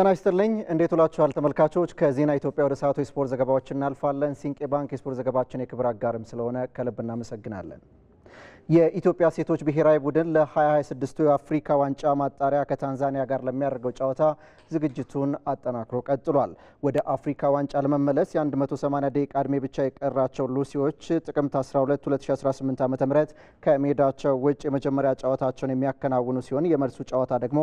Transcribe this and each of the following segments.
ጤና ይስጥልኝ። እንዴት ውላችኋል ተመልካቾች? ከዜና ኢትዮጵያ ወደ ሰዓቱ የስፖርት ዘገባዎች እናልፋለን። ሲንቄ ባንክ የስፖርት ዘገባችን የክብር አጋርም ስለሆነ ከልብ እናመሰግናለን። የኢትዮጵያ ሴቶች ብሔራዊ ቡድን ለ2026 የአፍሪካ ዋንጫ ማጣሪያ ከታንዛኒያ ጋር ለሚያደርገው ጨዋታ ዝግጅቱን አጠናክሮ ቀጥሏል። ወደ አፍሪካ ዋንጫ ለመመለስ የ180 ደቂቃ ዕድሜ ብቻ የቀራቸው ሉሲዎች ጥቅምት 12 2018 ዓ ም ከሜዳቸው ውጭ የመጀመሪያ ጨዋታቸውን የሚያከናውኑ ሲሆን የመልሱ ጨዋታ ደግሞ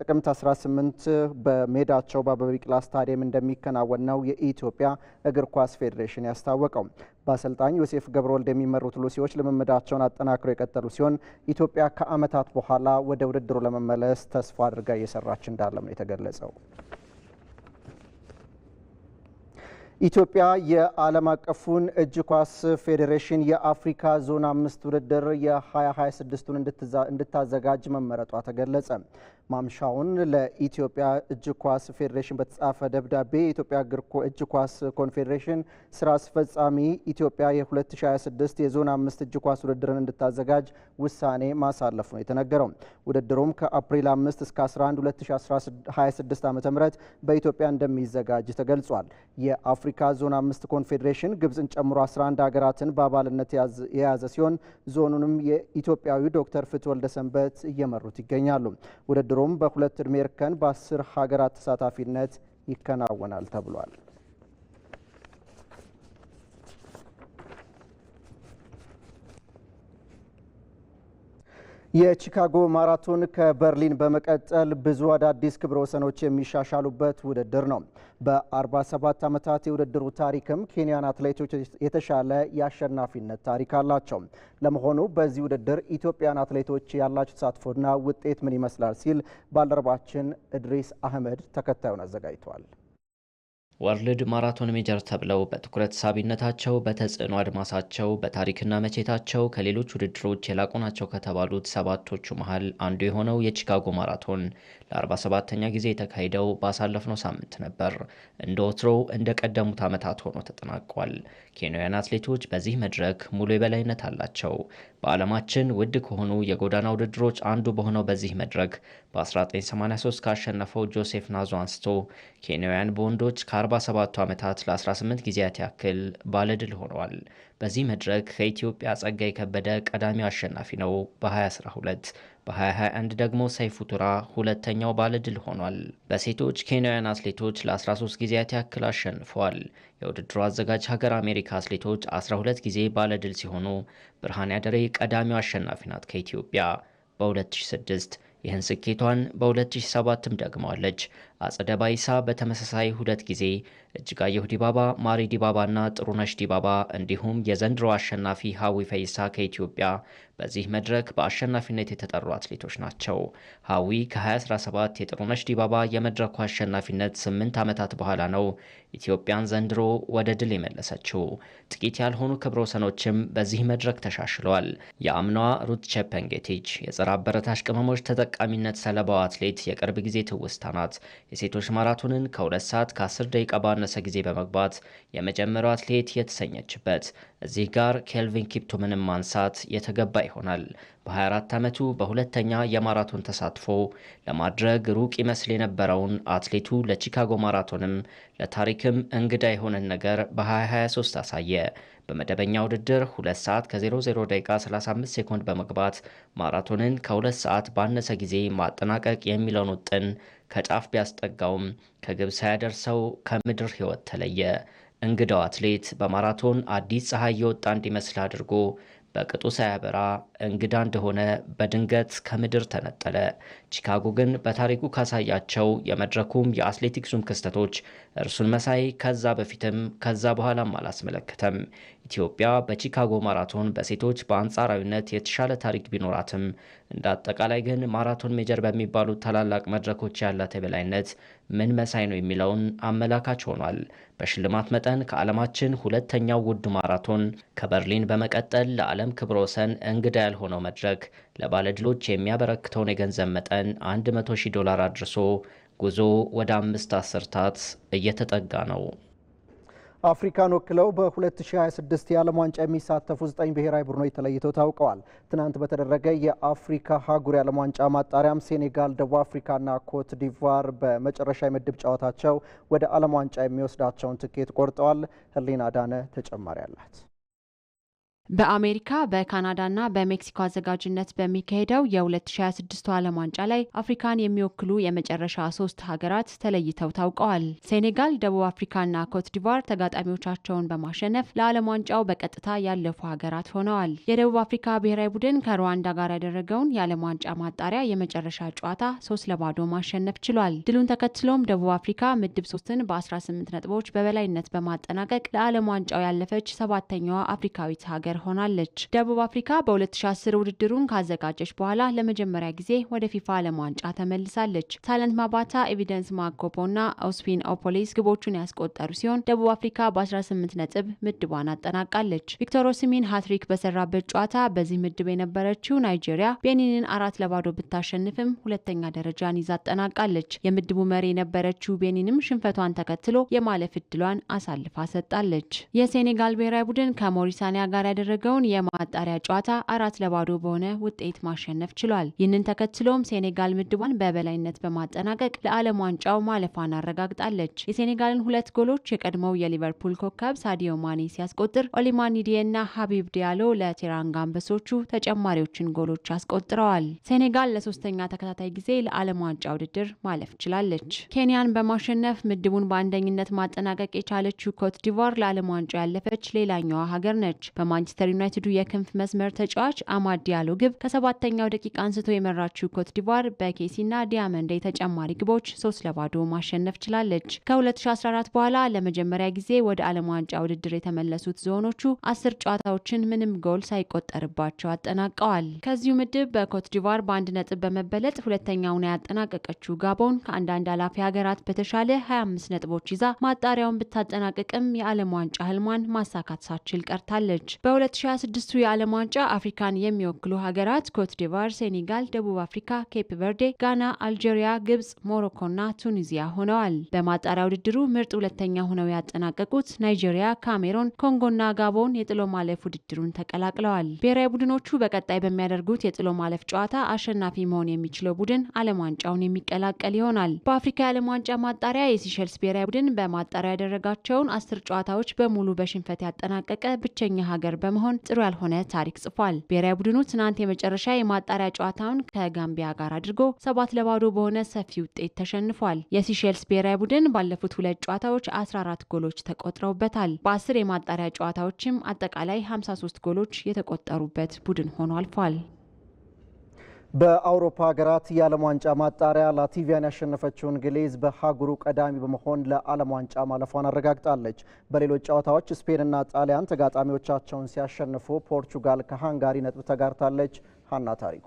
ጥቅምት 18 በሜዳቸው በአበበ ቢቂላ ስታዲየም እንደሚከናወን ነው የኢትዮጵያ እግር ኳስ ፌዴሬሽን ያስታወቀው። በአሰልጣኝ ዮሴፍ ገብረወልድ የሚመሩት ሉሲዎች ልምምዳቸውን አጠናክረው የቀጠሉ ሲሆን ኢትዮጵያ ከዓመታት በኋላ ወደ ውድድሩ ለመመለስ ተስፋ አድርጋ እየሰራች እንዳለም ነው የተገለጸው። ኢትዮጵያ የዓለም አቀፉን እጅ ኳስ ፌዴሬሽን የአፍሪካ ዞን አምስት ውድድር የ2026ቱን እንድታዘጋጅ መመረጧ ተገለጸ። ማምሻውን ለኢትዮጵያ እጅ ኳስ ፌዴሬሽን በተጻፈ ደብዳቤ የኢትዮጵያ እግር እጅ ኳስ ኮንፌዴሬሽን ስራ አስፈጻሚ ኢትዮጵያ የ2026 የዞን አምስት እጅ ኳስ ውድድርን እንድታዘጋጅ ውሳኔ ማሳለፍ ነው የተነገረው። ውድድሩም ከአፕሪል 5 እስከ 11 2026 ዓ ም በኢትዮጵያ እንደሚዘጋጅ ተገልጿል። የአፍሪካ ዞን አምስት ኮንፌዴሬሽን ግብፅን ጨምሮ 11 ሀገራትን በአባልነት የያዘ ሲሆን ዞኑንም የኢትዮጵያዊ ዶክተር ፍትወ እየመሩት ይገኛሉ። ውድድሩ ውድድሩም በሁለት ዕድሜ እርከን በአስር ሀገራት ተሳታፊነት ይከናወናል ተብሏል። የቺካጎ ማራቶን ከበርሊን በመቀጠል ብዙ አዳዲስ ክብረ ወሰኖች የሚሻሻሉበት ውድድር ነው። በ47 ዓመታት የውድድሩ ታሪክም ኬንያን አትሌቶች የተሻለ የአሸናፊነት ታሪክ አላቸው። ለመሆኑ በዚህ ውድድር ኢትዮጵያን አትሌቶች ያላቸው ተሳትፎና ውጤት ምን ይመስላል ሲል ባልደረባችን እድሪስ አህመድ ተከታዩን አዘጋጅቷል። ወርልድ ማራቶን ሜጀር ተብለው በትኩረት ሳቢነታቸው በተጽዕኖ አድማሳቸው በታሪክና መቼታቸው ከሌሎች ውድድሮች የላቁ ናቸው ከተባሉት ሰባቶቹ መሃል አንዱ የሆነው የቺካጎ ማራቶን ለ 47 ተኛ ጊዜ የተካሄደው ባሳለፍነው ሳምንት ነበር። እንደ ወትሮው እንደ ቀደሙት ዓመታት ሆኖ ተጠናቋል። ኬንያውያን አትሌቶች በዚህ መድረክ ሙሉ የበላይነት አላቸው። በዓለማችን ውድ ከሆኑ የጎዳና ውድድሮች አንዱ በሆነው በዚህ መድረክ በ1983 ካሸነፈው ጆሴፍ ናዞ አንስቶ ኬንያውያን በወንዶች በ47ቱ ዓመታት ለ18 ጊዜያት ያክል ባለድል ሆነዋል። በዚህ መድረክ ከኢትዮጵያ ጸጋይ ከበደ ቀዳሚው አሸናፊ ነው በ2012 በ2021 ደግሞ ሰይፉ ቱራ ሁለተኛው ባለድል ሆኗል። በሴቶች ኬንያውያን አትሌቶች ለ13 ጊዜያት ያክል አሸንፈዋል። የውድድሩ አዘጋጅ ሀገር አሜሪካ አትሌቶች 12 ጊዜ ባለድል ሲሆኑ ብርሃን ያደሬ ቀዳሚው አሸናፊ ናት ከኢትዮጵያ በ2006 ይህን ስኬቷን በ2007ም ደግመዋለች። አጸደ ባይሳ በተመሳሳይ ሁለት ጊዜ፣ እጅጋየሁ ዲባባ፣ ማሪ ዲባባና ጥሩነሽ ዲባባ እንዲሁም የዘንድሮ አሸናፊ ሀዊ ፈይሳ ከኢትዮጵያ በዚህ መድረክ በአሸናፊነት የተጠሩ አትሌቶች ናቸው። ሀዊ ከ2017 የጥሩነሽ ዲባባ የመድረኩ አሸናፊነት ስምንት ዓመታት በኋላ ነው ኢትዮጵያን ዘንድሮ ወደ ድል የመለሰችው። ጥቂት ያልሆኑ ክብረ ወሰኖችም በዚህ መድረክ ተሻሽለዋል። የአምኗ ሩት ቼፐንጌቲች የጸረ አበረታሽ ቅመሞች ተጠቃሚነት ሰለባው አትሌት የቅርብ ጊዜ ትውስታ ናት። የሴቶች ማራቶንን ከሁለት ሰዓት ከ10 ደቂቃ ባነሰ ጊዜ በመግባት የመጀመሪያው አትሌት የተሰኘችበት እዚህ ጋር ኬልቪን ኪፕቱምንም ማንሳት የተገባ ይሆናል። በ24 ዓመቱ በሁለተኛ የማራቶን ተሳትፎ ለማድረግ ሩቅ ይመስል የነበረውን አትሌቱ ለቺካጎ ማራቶንም ለታሪክም እንግዳ የሆነን ነገር በ2023 አሳየ። በመደበኛ ውድድር 2 ሰዓት ከ00 ደቂቃ 35 ሴኮንድ በመግባት ማራቶንን ከ2 ሰዓት ባነሰ ጊዜ ማጠናቀቅ የሚለውን ውጥን ከጫፍ ቢያስጠጋውም ከግብ ሳያደርሰው ከምድር ሕይወት ተለየ። እንግዳው አትሌት በማራቶን አዲስ ፀሐይ የወጣ እንዲመስል አድርጎ በቅጡ ሳያበራ እንግዳ እንደሆነ በድንገት ከምድር ተነጠለ። ቺካጎ ግን በታሪኩ ካሳያቸው የመድረኩም የአትሌቲክሱም ክስተቶች እርሱን መሳይ ከዛ በፊትም ከዛ በኋላም አላስመለከተም። ኢትዮጵያ በቺካጎ ማራቶን በሴቶች በአንጻራዊነት የተሻለ ታሪክ ቢኖራትም እንደ አጠቃላይ ግን ማራቶን ሜጀር በሚባሉ ታላላቅ መድረኮች ያላት የበላይነት ምን መሳይ ነው የሚለውን አመላካች ሆኗል። በሽልማት መጠን ከዓለማችን ሁለተኛው ውድ ማራቶን ከበርሊን በመቀጠል ለዓለም ክብረ ወሰን እንግዳ ያልሆነው መድረክ ለባለድሎች የሚያበረክተውን የገንዘብ መጠን 100 ሺህ ዶላር አድርሶ ጉዞ ወደ አምስት አስርታት እየተጠጋ ነው። አፍሪካን ወክለው በ2026 የዓለም ዋንጫ የሚሳተፉ ዘጠኝ ብሔራዊ ቡድኖች ተለይተው ታውቀዋል። ትናንት በተደረገ የአፍሪካ ሀጉር የዓለም ዋንጫ ማጣሪያም ሴኔጋል፣ ደቡብ አፍሪካና ኮት ዲቫር በመጨረሻ የምድብ ጨዋታቸው ወደ ዓለም ዋንጫ የሚወስዳቸውን ትኬት ቆርጠዋል። ህሊና ዳነ ተጨማሪ አላት። በአሜሪካ በካናዳና በሜክሲኮ አዘጋጅነት በሚካሄደው የ2026 ዓለም ዋንጫ ላይ አፍሪካን የሚወክሉ የመጨረሻ ሶስት ሀገራት ተለይተው ታውቀዋል። ሴኔጋል፣ ደቡብ አፍሪካና ኮትዲቫር ተጋጣሚዎቻቸውን በማሸነፍ ለዓለም ዋንጫው በቀጥታ ያለፉ ሀገራት ሆነዋል። የደቡብ አፍሪካ ብሔራዊ ቡድን ከሩዋንዳ ጋር ያደረገውን የዓለም ዋንጫ ማጣሪያ የመጨረሻ ጨዋታ ሶስት ለባዶ ማሸነፍ ችሏል። ድሉን ተከትሎም ደቡብ አፍሪካ ምድብ ሶስትን በ18 ነጥቦች በበላይነት በማጠናቀቅ ለዓለም ዋንጫው ያለፈች ሰባተኛዋ አፍሪካዊት ሀገር ዊነር ሆናለች። ደቡብ አፍሪካ በ2010 ውድድሩን ካዘጋጀች በኋላ ለመጀመሪያ ጊዜ ወደ ፊፋ ዓለም ዋንጫ ተመልሳለች። ታለንት ማባታ፣ ኤቪደንስ ማጎቦ እና ኦስፒን ኦፖሊስ ግቦቹን ያስቆጠሩ ሲሆን ደቡብ አፍሪካ በ18 ነጥብ ምድቧን አጠናቃለች። ቪክቶር ኦሲሚን ሀትሪክ በሰራበት ጨዋታ በዚህ ምድብ የነበረችው ናይጄሪያ ቤኒንን አራት ለባዶ ብታሸንፍም ሁለተኛ ደረጃን ይዛ አጠናቃለች። የምድቡ መሪ የነበረችው ቤኒንም ሽንፈቷን ተከትሎ የማለፍ እድሏን አሳልፋ ሰጣለች። የሴኔጋል ብሔራዊ ቡድን ከሞሪታኒያ ጋር ያደረ ያደረገውን የማጣሪያ ጨዋታ አራት ለባዶ በሆነ ውጤት ማሸነፍ ችሏል። ይህንን ተከትሎም ሴኔጋል ምድቧን በበላይነት በማጠናቀቅ ለዓለም ዋንጫው ማለፏን አረጋግጣለች። የሴኔጋልን ሁለት ጎሎች የቀድሞው የሊቨርፑል ኮከብ ሳዲዮ ማኔ ሲያስቆጥር እና ሀቢብ ዲያሎ ለቴራንጋ አንበሶቹ ተጨማሪዎችን ጎሎች አስቆጥረዋል። ሴኔጋል ለሶስተኛ ተከታታይ ጊዜ ለዓለም ዋንጫ ውድድር ማለፍ ችላለች። ኬንያን በማሸነፍ ምድቡን በአንደኝነት ማጠናቀቅ የቻለችው ኮት ዲቫር ለዓለም ዋንጫ ያለፈች ሌላኛዋ ሀገር ነች። በማንቸስተር ማንቸስተር ዩናይትዱ የክንፍ መስመር ተጫዋች አማድ ዲያሎ ግብ ከሰባተኛው ደቂቃ አንስቶ የመራችው ኮት ዲቫር በኬሲና ዲያመንዴ ተጨማሪ ግቦች ሶስት ለባዶ ማሸነፍ ችላለች። ከ2014 በኋላ ለመጀመሪያ ጊዜ ወደ ዓለም ዋንጫ ውድድር የተመለሱት ዝሆኖቹ አስር ጨዋታዎችን ምንም ጎል ሳይቆጠርባቸው አጠናቀዋል። ከዚሁ ምድብ በኮት ዲቫር በአንድ ነጥብ በመበለጥ ሁለተኛውን ያጠናቀቀችው ጋቦን ከአንዳንድ ኃላፊ ሀገራት በተሻለ 25 ነጥቦች ይዛ ማጣሪያውን ብታጠናቅቅም የዓለም ዋንጫ ህልሟን ማሳካት ሳችል ቀርታለች። ለ ቱ የዓለም ዋንጫ አፍሪካን የሚወክሉ ሀገራት ኮትዲቫር፣ ሴኔጋል፣ ደቡብ አፍሪካ፣ ኬፕ ቨርዴ፣ ጋና፣ አልጄሪያ፣ ግብጽ፣ ና ቱኒዚያ ሆነዋል። በማጣሪያ ውድድሩ ምርጥ ሁለተኛ ሆነው ያጠናቀቁት ናይጄሪያ፣ ካሜሮን፣ ኮንጎና ጋቦን የጥሎ ማለፍ ውድድሩን ተቀላቅለዋል። ብሔራዊ ቡድኖቹ በቀጣይ በሚያደርጉት የጥሎ ማለፍ ጨዋታ አሸናፊ መሆን የሚችለው ቡድን ዓለም ዋንጫውን የሚቀላቀል ይሆናል። በአፍሪካ የዓለም ዋንጫ ማጣሪያ የሲሸልስ ብሔራዊ ቡድን በማጣሪያ ያደረጋቸውን አስር ጨዋታዎች በሙሉ በሽንፈት ያጠናቀቀ ብቸኛ ሀገር በ በመሆን ጥሩ ያልሆነ ታሪክ ጽፏል። ብሔራዊ ቡድኑ ትናንት የመጨረሻ የማጣሪያ ጨዋታውን ከጋምቢያ ጋር አድርጎ ሰባት ለባዶ በሆነ ሰፊ ውጤት ተሸንፏል። የሲሼልስ ብሔራዊ ቡድን ባለፉት ሁለት ጨዋታዎች 14 ጎሎች ተቆጥረውበታል። በአስር የማጣሪያ ጨዋታዎችም አጠቃላይ 53 ጎሎች የተቆጠሩበት ቡድን ሆኖ አልፏል። በአውሮፓ ሀገራት የዓለም ዋንጫ ማጣሪያ ላቲቪያን ያሸነፈችው እንግሊዝ በሀጉሩ ቀዳሚ በመሆን ለዓለም ዋንጫ ማለፏን አረጋግጣለች። በሌሎች ጨዋታዎች ስፔንና ጣሊያን ተጋጣሚዎቻቸውን ሲያሸንፉ ፖርቹጋል ከሃንጋሪ ነጥብ ተጋርታለች። ሀና ታሪኩ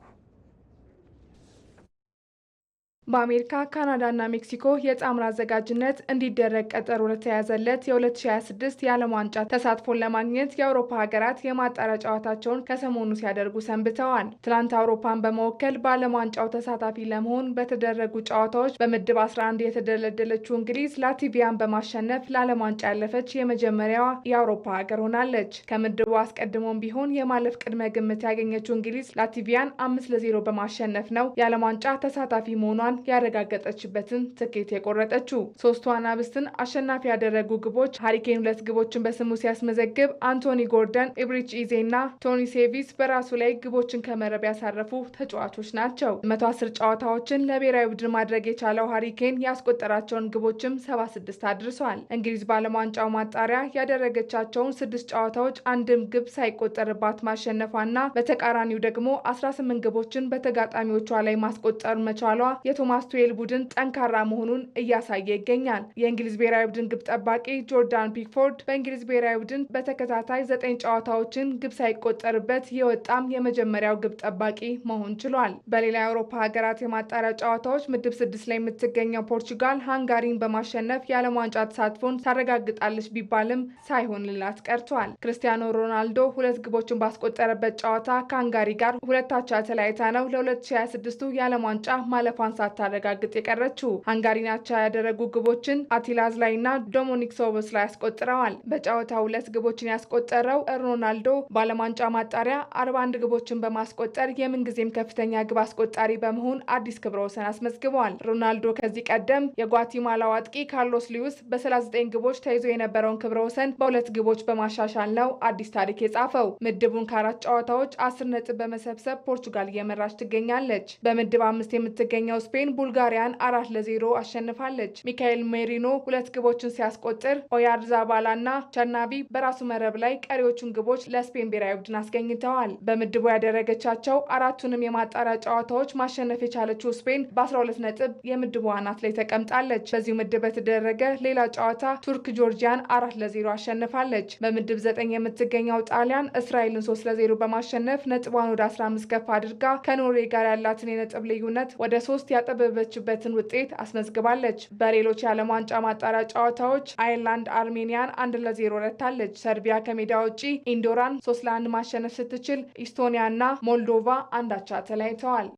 በአሜሪካ ካናዳና ሜክሲኮ የጣምራ አዘጋጅነት እንዲደረግ ቀጠሮ ለተያዘለት የ2026 የዓለም ዋንጫ ተሳትፎን ለማግኘት የአውሮፓ ሀገራት የማጣሪያ ጨዋታቸውን ከሰሞኑ ሲያደርጉ ሰንብተዋል። ትናንት አውሮፓን በመወከል በዓለም ዋንጫው ተሳታፊ ለመሆን በተደረጉ ጨዋታዎች በምድብ 11 የተደለደለችው እንግሊዝ ላቲቪያን በማሸነፍ ለዓለም ዋንጫ ያለፈች የመጀመሪያዋ የአውሮፓ ሀገር ሆናለች። ከምድቡ አስቀድሞም ቢሆን የማለፍ ቅድመ ግምት ያገኘችው እንግሊዝ ላቲቪያን አምስት ለዜሮ በማሸነፍ ነው የዓለም ዋንጫ ተሳታፊ መሆኗን ያረጋገጠችበትን ትኬት የቆረጠችው። ሶስቱ አናብስትን አሸናፊ ያደረጉ ግቦች ሀሪኬን ሁለት ግቦችን በስሙ ሲያስመዘግብ አንቶኒ ጎርደን፣ ኢብሪች ኢዜ እና ቶኒ ሴቪስ በራሱ ላይ ግቦችን ከመረብ ያሳረፉ ተጫዋቾች ናቸው። መቶ አስር ጨዋታዎችን ለብሔራዊ ቡድን ማድረግ የቻለው ሀሪኬን ያስቆጠራቸውን ግቦችም ሰባ ስድስት አድርሷል። እንግሊዝ በዓለም ዋንጫው ማጣሪያ ያደረገቻቸውን ስድስት ጨዋታዎች አንድም ግብ ሳይቆጠርባት ማሸነፏና በተቃራኒው ደግሞ አስራ ስምንት ግቦችን በተጋጣሚዎቿ ላይ ማስቆጠር መቻሏ የተ የቶማስ ቱዌል ቡድን ጠንካራ መሆኑን እያሳየ ይገኛል። የእንግሊዝ ብሔራዊ ቡድን ግብ ጠባቂ ጆርዳን ፒክፎርድ በእንግሊዝ ብሔራዊ ቡድን በተከታታይ ዘጠኝ ጨዋታዎችን ግብ ሳይቆጠርበት የወጣም የመጀመሪያው ግብ ጠባቂ መሆን ችሏል። በሌላ የአውሮፓ ሀገራት የማጣሪያ ጨዋታዎች ምድብ ስድስት ላይ የምትገኘው ፖርቹጋል ሃንጋሪን በማሸነፍ የዓለም ዋንጫ ተሳትፎን ታረጋግጣለች ቢባልም ሳይሆንላት ቀርቷል። ክርስቲያኖ ሮናልዶ ሁለት ግቦችን ባስቆጠረበት ጨዋታ ከሃንጋሪ ጋር ሁለታቻ ተለያይታ ነው ለ2026ቱ የዓለም ዋንጫ ማለፏን ሳታረጋግጥ የቀረችው። ሃንጋሪን ያደረጉ ግቦችን አቲላዝ ላይ እና ዶሚኒክ ሶቦስ ላይ ያስቆጥረዋል። በጨዋታ ሁለት ግቦችን ያስቆጠረው ሮናልዶ በዓለም ዋንጫ ማጣሪያ 41 ግቦችን በማስቆጠር የምንጊዜም ከፍተኛ ግብ አስቆጣሪ በመሆን አዲስ ክብረ ወሰን አስመዝግበዋል። ሮናልዶ ከዚህ ቀደም የጓቲማላው አጥቂ ካርሎስ ሊዩስ በ39 ግቦች ተይዞ የነበረውን ክብረ ወሰን በሁለት ግቦች በማሻሻል ነው አዲስ ታሪክ የጻፈው። ምድቡን ከአራት ጨዋታዎች አስር ነጥብ በመሰብሰብ ፖርቹጋል እየመራች ትገኛለች። በምድብ አምስት የምትገኘው ስፔን ዩክሬን ቡልጋሪያን አራት ለዜሮ አሸንፋለች። ሚካኤል ሜሪኖ ሁለት ግቦችን ሲያስቆጥር ኦያር ዛባላ እና ቸርናቢ በራሱ መረብ ላይ ቀሪዎቹን ግቦች ለስፔን ብሔራዊ ቡድን አስገኝተዋል። በምድቡ ያደረገቻቸው አራቱንም የማጣሪያ ጨዋታዎች ማሸነፍ የቻለችው ስፔን በ12 ነጥብ የምድቡ አናት ላይ ተቀምጣለች። በዚሁ ምድብ በተደረገ ሌላ ጨዋታ ቱርክ ጆርጂያን አራት ለዜሮ አሸንፋለች። በምድብ ዘጠኝ የምትገኘው ጣሊያን እስራኤልን ሶስት ለዜሮ በማሸነፍ ነጥቧን ወደ 15 ከፍ አድርጋ ከኖርዌይ ጋር ያላትን የነጥብ ልዩነት ወደ ሶስት ያጠ ያጠበበችበትን ውጤት አስመዝግባለች። በሌሎች የዓለም ዋንጫ ማጣሪያ ጨዋታዎች አይርላንድ አርሜኒያን አንድ ለዜሮ ረታለች። ሰርቢያ ከሜዳ ውጪ ኢንዶራን ሶስት ለአንድ ማሸነፍ ስትችል ኢስቶኒያና ሞልዶቫ አንዳቻ ተለያይተዋል።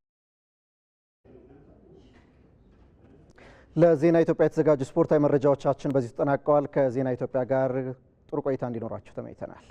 ለዜና ኢትዮጵያ የተዘጋጁ ስፖርታዊ መረጃዎቻችን በዚህ ተጠናቀዋል። ከዜና ኢትዮጵያ ጋር ጥሩ ቆይታ እንዲኖራችሁ ተመኝተናል።